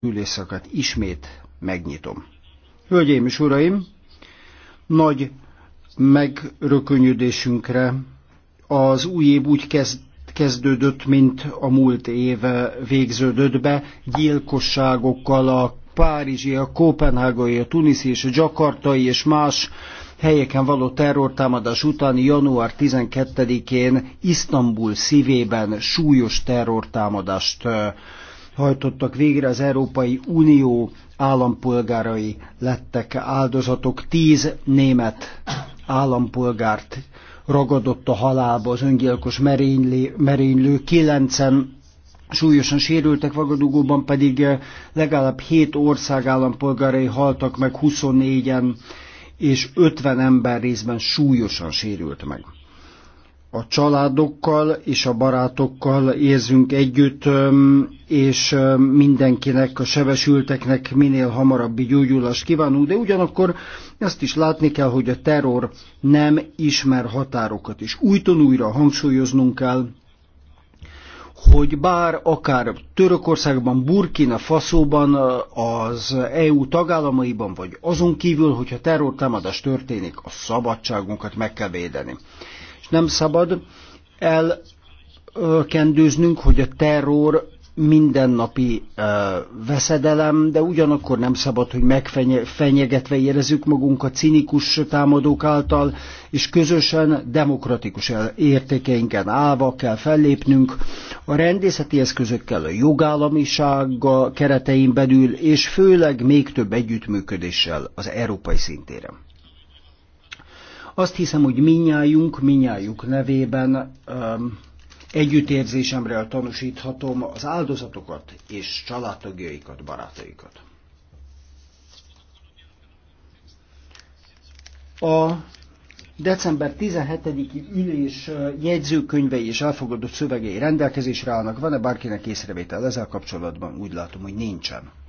ülésszakat ismét megnyitom. Hölgyeim és uraim, nagy megrökönyödésünkre az új év úgy kezd, kezdődött, mint a múlt év végződött be, gyilkosságokkal a párizsi, a kopenhágai, a tuniszi és a gyakartai és más helyeken való terrortámadás után január 12-én Isztambul szívében súlyos terrortámadást hajtottak végre az Európai Unió állampolgárai lettek áldozatok. Tíz német állampolgárt ragadott a halálba az öngyilkos merénylő, kilencen súlyosan sérültek, Vagadugóban pedig eh, legalább hét ország állampolgárai haltak meg, 24-en, és 50 ember részben súlyosan sérült meg a családokkal és a barátokkal érzünk együtt, és mindenkinek, a sebesülteknek minél hamarabbi gyógyulást kívánunk, de ugyanakkor azt is látni kell, hogy a terror nem ismer határokat, és újton újra hangsúlyoznunk kell, hogy bár akár Törökországban, Burkina Faszóban, az EU tagállamaiban, vagy azon kívül, hogyha terrortámadás történik, a szabadságunkat meg kell védeni. Nem szabad elkendőznünk, hogy a terror mindennapi ö, veszedelem, de ugyanakkor nem szabad, hogy megfenyegetve érezzük magunkat cinikus támadók által, és közösen demokratikus értékeinken állva kell fellépnünk a rendészeti eszközökkel, a jogállamisága keretein belül, és főleg még több együttműködéssel az európai szintéren. Azt hiszem, hogy minnyájunk, minnyájuk nevében um, együttérzésemről tanúsíthatom az áldozatokat és családtagjaikat, barátaikat. A december 17-i ülés jegyzőkönyvei és elfogadott szövegei rendelkezésre állnak. Van-e bárkinek észrevétel ezzel kapcsolatban? Úgy látom, hogy nincsen.